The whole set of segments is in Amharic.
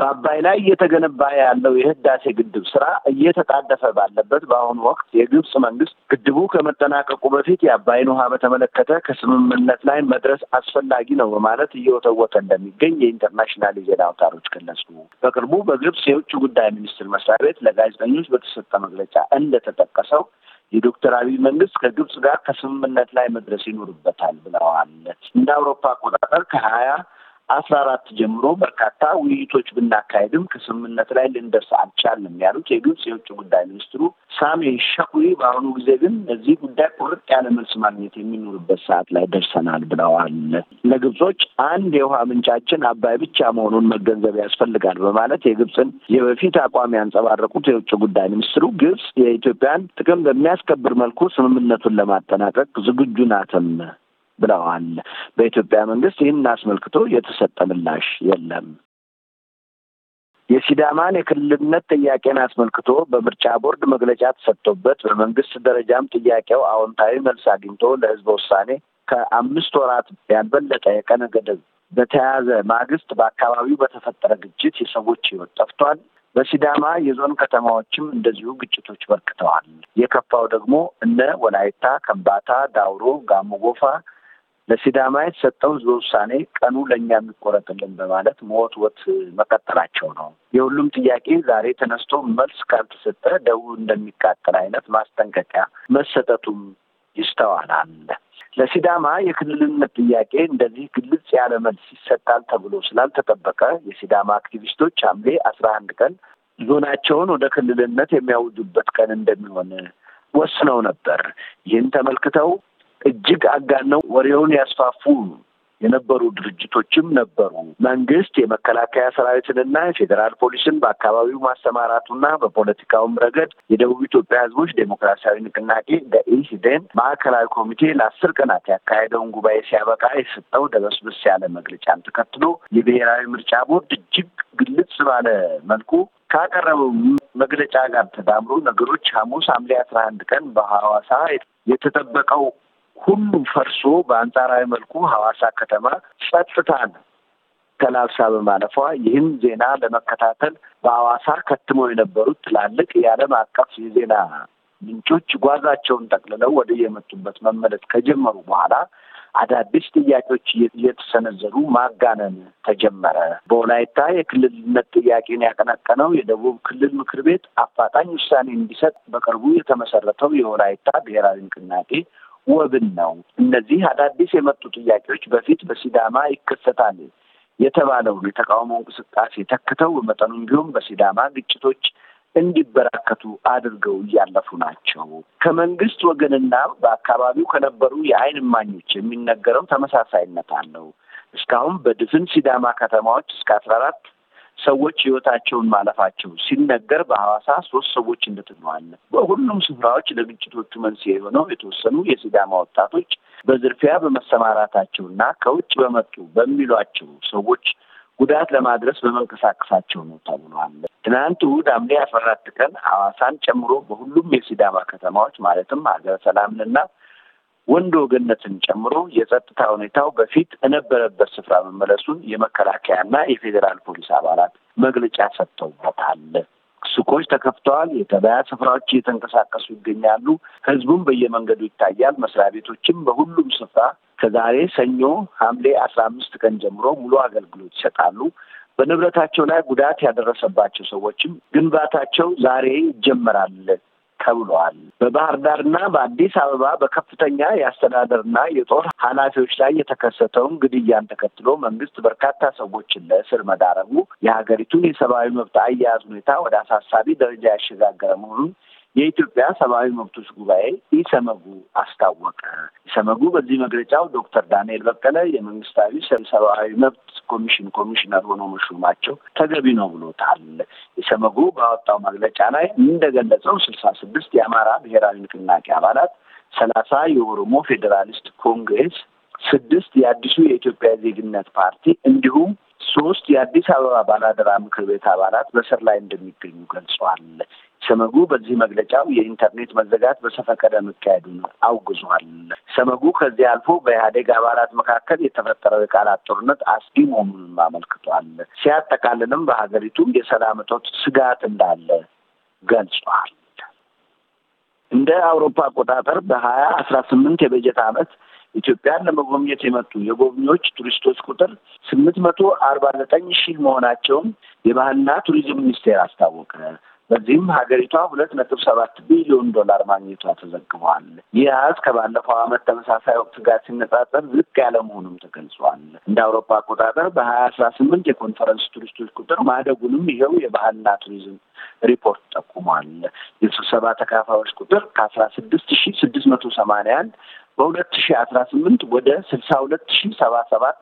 በአባይ ላይ እየተገነባ ያለው የህዳሴ ግድብ ስራ እየተጣደፈ ባለበት በአሁኑ ወቅት የግብፅ መንግስት ግድቡ ከመጠናቀቁ በፊት የአባይን ውሃ በተመለከተ ከስምምነት ላይ መድረስ አስፈላጊ ነው በማለት እየወተወተ እንደሚገኝ የኢንተርናሽናል የዜና አውታሮች ገለጹ። በቅርቡ በግብፅ የውጭ ጉዳይ ሚኒስትር መስሪያ ቤት ለጋዜጠኞች በተሰጠ መግለጫ እንደተጠቀሰው የዶክተር አብይ መንግስት ከግብፅ ጋር ከስምምነት ላይ መድረስ ይኖርበታል ብለዋል። እንደ አውሮፓ አቆጣጠር ከሀያ አስራ አራት ጀምሮ በርካታ ውይይቶች ብናካሄድም ከስምምነት ላይ ልንደርስ አልቻልም ያሉት የግብጽ የውጭ ጉዳይ ሚኒስትሩ ሳሜ ሸኩሪ በአሁኑ ጊዜ ግን እዚህ ጉዳይ ቁርጥ ያለ መልስ ማግኘት የሚኖርበት ሰዓት ላይ ደርሰናል ብለዋል። ለግብጾች አንድ የውሃ ምንጫችን አባይ ብቻ መሆኑን መገንዘብ ያስፈልጋል በማለት የግብፅን የበፊት አቋም ያንጸባረቁት የውጭ ጉዳይ ሚኒስትሩ ግብጽ የኢትዮጵያን ጥቅም በሚያስከብር መልኩ ስምምነቱን ለማጠናቀቅ ዝግጁ ናትም ብለዋል። በኢትዮጵያ መንግስት ይህን አስመልክቶ የተሰጠ ምላሽ የለም። የሲዳማን የክልልነት ጥያቄን አስመልክቶ በምርጫ ቦርድ መግለጫ ተሰጥቶበት በመንግስት ደረጃም ጥያቄው አዎንታዊ መልስ አግኝቶ ለህዝበ ውሳኔ ከአምስት ወራት ያልበለጠ የቀነ ገደብ በተያያዘ ማግስት በአካባቢው በተፈጠረ ግጭት የሰዎች ህይወት ጠፍቷል። በሲዳማ የዞን ከተማዎችም እንደዚሁ ግጭቶች በርክተዋል። የከፋው ደግሞ እነ ወላይታ፣ ከምባታ፣ ዳውሮ፣ ጋሞጎፋ ለሲዳማየት ሰጠው ውሳኔ ቀኑ ለእኛ የሚቆረጥልን በማለት ሞት ወት መቀጠላቸው ነው። የሁሉም ጥያቄ ዛሬ ተነስቶ መልስ ካልተሰጠ ደቡብ እንደሚቃጠል አይነት ማስጠንቀቂያ መሰጠቱም ይስተዋላል። ለሲዳማ የክልልነት ጥያቄ እንደዚህ ግልጽ ያለ መልስ ይሰጣል ተብሎ ስላልተጠበቀ የሲዳማ አክቲቪስቶች ሐምሌ አስራ አንድ ቀን ዞናቸውን ወደ ክልልነት የሚያውጁበት ቀን እንደሚሆን ወስነው ነበር። ይህን ተመልክተው እጅግ አጋነው ወሬውን ያስፋፉ የነበሩ ድርጅቶችም ነበሩ። መንግስት የመከላከያ ሰራዊትንና የፌዴራል ፖሊስን በአካባቢው ማሰማራቱና በፖለቲካውም ረገድ የደቡብ ኢትዮጵያ ሕዝቦች ዴሞክራሲያዊ ንቅናቄ ደኢህዴን ማዕከላዊ ኮሚቴ ለአስር ቀናት ያካሄደውን ጉባኤ ሲያበቃ የሰጠው ደበስበስ ያለ መግለጫን ተከትሎ የብሔራዊ ምርጫ ቦርድ እጅግ ግልጽ ባለ መልኩ ካቀረበው መግለጫ ጋር ተዳምሮ ነገሮች ሐሙስ ሐምሌ አስራ አንድ ቀን በሐዋሳ የተጠበቀው ሁሉም ፈርሶ በአንጻራዊ መልኩ ሐዋሳ ከተማ ጸጥታን ተላብሳ በማለፏ ይህን ዜና ለመከታተል በሐዋሳ ከትሞ የነበሩት ትላልቅ የዓለም አቀፍ የዜና ምንጮች ጓዛቸውን ጠቅልለው ወደ የመጡበት መመለስ ከጀመሩ በኋላ አዳዲስ ጥያቄዎች እየተሰነዘሩ ማጋነን ተጀመረ። በወላይታ የክልልነት ጥያቄን ያቀነቀነው የደቡብ ክልል ምክር ቤት አፋጣኝ ውሳኔ እንዲሰጥ በቅርቡ የተመሰረተው የወላይታ ብሔራዊ ንቅናቄ ወብን ነው። እነዚህ አዳዲስ የመጡ ጥያቄዎች በፊት በሲዳማ ይከሰታል የተባለውን የተቃውሞ እንቅስቃሴ ተክተው በመጠኑም ቢሆን በሲዳማ ግጭቶች እንዲበራከቱ አድርገው እያለፉ ናቸው። ከመንግስት ወገንና በአካባቢው ከነበሩ የዓይን እማኞች የሚነገረው ተመሳሳይነት አለው። እስካሁን በድፍን ሲዳማ ከተማዎች እስከ አስራ አራት ሰዎች ህይወታቸውን ማለፋቸው ሲነገር በሐዋሳ ሶስት ሰዎች እንደተነዋል። በሁሉም ስፍራዎች ለግጭቶቹ መንስኤ የሆነው የተወሰኑ የሲዳማ ወጣቶች በዝርፊያ በመሰማራታቸውና ከውጭ በመጡ በሚሏቸው ሰዎች ጉዳት ለማድረስ በመንቀሳቀሳቸው ነው ተብሏል። ትናንት እሑድ ሐምሌ አስራ አራት ቀን ሐዋሳን ጨምሮ በሁሉም የሲዳማ ከተማዎች ማለትም ሀገረ ሰላምንና ወንዶ ገነትን ጨምሮ የጸጥታ ሁኔታው በፊት እነበረበት ስፍራ መመለሱን የመከላከያና የፌዴራል ፖሊስ አባላት መግለጫ ሰጥተውበታል። ሱቆች ተከፍተዋል። የገበያ ስፍራዎች እየተንቀሳቀሱ ይገኛሉ። ህዝቡም በየመንገዱ ይታያል። መስሪያ ቤቶችም በሁሉም ስፍራ ከዛሬ ሰኞ ሐምሌ አስራ አምስት ቀን ጀምሮ ሙሉ አገልግሎት ይሰጣሉ። በንብረታቸው ላይ ጉዳት ያደረሰባቸው ሰዎችም ግንባታቸው ዛሬ ይጀመራል ተብሏል። በባህር ዳርና በአዲስ አበባ በከፍተኛ የአስተዳደርና የጦር ኃላፊዎች ላይ የተከሰተውን ግድያን ተከትሎ መንግስት በርካታ ሰዎችን ለእስር መዳረጉ የሀገሪቱን የሰብአዊ መብት አያያዝ ሁኔታ ወደ አሳሳቢ ደረጃ ያሸጋገረ መሆኑን የኢትዮጵያ ሰብአዊ መብቶች ጉባኤ ኢሰመጉ አስታወቀ። ኢሰመጉ በዚህ መግለጫው ዶክተር ዳንኤል በቀለ የመንግስታዊ ሰብአዊ መብት ኮሚሽን ኮሚሽነር ሆኖ መሾማቸው ተገቢ ነው ብሎታል። ኢሰመጉ ባወጣው መግለጫ ላይ እንደገለጸው ስልሳ ስድስት የአማራ ብሔራዊ ንቅናቄ አባላት፣ ሰላሳ የኦሮሞ ፌዴራሊስት ኮንግሬስ፣ ስድስት የአዲሱ የኢትዮጵያ ዜግነት ፓርቲ እንዲሁም ሶስት የአዲስ አበባ ባላደራ ምክር ቤት አባላት በስር ላይ እንደሚገኙ ገልጸዋል። ሰመጉ በዚህ መግለጫው የኢንተርኔት መዘጋት በሰፈቀደ መካሄዱን አውግዟል። ሰመጉ ከዚህ አልፎ በኢህአዴግ አባላት መካከል የተፈጠረው የቃላት ጦርነት አስጊ መሆኑንም አመልክቷል። ሲያጠቃልልም በሀገሪቱ የሰላም እጦት ስጋት እንዳለ ገልጿል። እንደ አውሮፓ አቆጣጠር በሀያ አስራ ስምንት የበጀት ዓመት ኢትዮጵያን ለመጎብኘት የመጡ የጎብኚዎች ቱሪስቶች ቁጥር ስምንት መቶ አርባ ዘጠኝ ሺህ መሆናቸውን የባህልና ቱሪዝም ሚኒስቴር አስታወቀ። በዚህም ሀገሪቷ ሁለት ነጥብ ሰባት ቢሊዮን ዶላር ማግኘቷ ተዘግቧል። ይህ አሃዝ ከባለፈው ዓመት ተመሳሳይ ወቅት ጋር ሲነጻጸር ዝቅ ያለ መሆኑም ተገልጿል። እንደ አውሮፓ አቆጣጠር በሀያ አስራ ስምንት የኮንፈረንስ ቱሪስቶች ቁጥር ማደጉንም ይኸው የባህልና ቱሪዝም ሪፖርት ጠቁሟል። የስብሰባ ተካፋዮች ቁጥር ከአስራ ስድስት ሺ ስድስት መቶ ሰማንያ አንድ በሁለት ሺ አስራ ስምንት ወደ ስልሳ ሁለት ሺ ሰባ ሰባት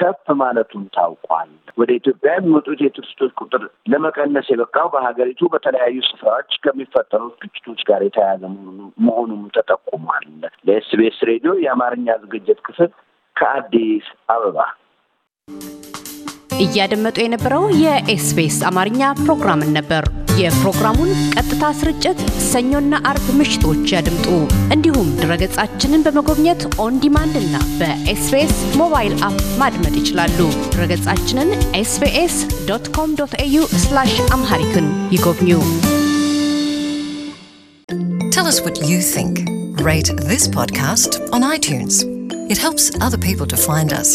ከፍ ማለቱን ታውቋል። ወደ ኢትዮጵያ የሚመጡት የቱሪስቶች ቁጥር ለመቀነስ የበቃው በሀገሪቱ በተለያዩ ስፍራዎች ከሚፈጠሩት ግጭቶች ጋር የተያያዘ መሆኑም ተጠቁሟል። ለኤስቢኤስ ሬዲዮ የአማርኛ ዝግጅት ክፍል ከአዲስ አበባ እያደመጡ የነበረው የኤስቢኤስ አማርኛ ፕሮግራምን ነበር። የፕሮግራሙን ቀጥታ ስርጭት ሰኞና አርብ ምሽቶች ያድምጡ። እንዲሁም ድረገጻችንን በመጎብኘት ኦን ዲማንድ እና በኤስቢኤስ ሞባይል አፕ ማድመጥ ይችላሉ። ድረገጻችንን ኤስቢኤስ ዶት ኮም ዶት ኤዩ አምሃሪክን ይጎብኙ። Tell us what you think. Rate this podcast on iTunes. It helps other people to find us.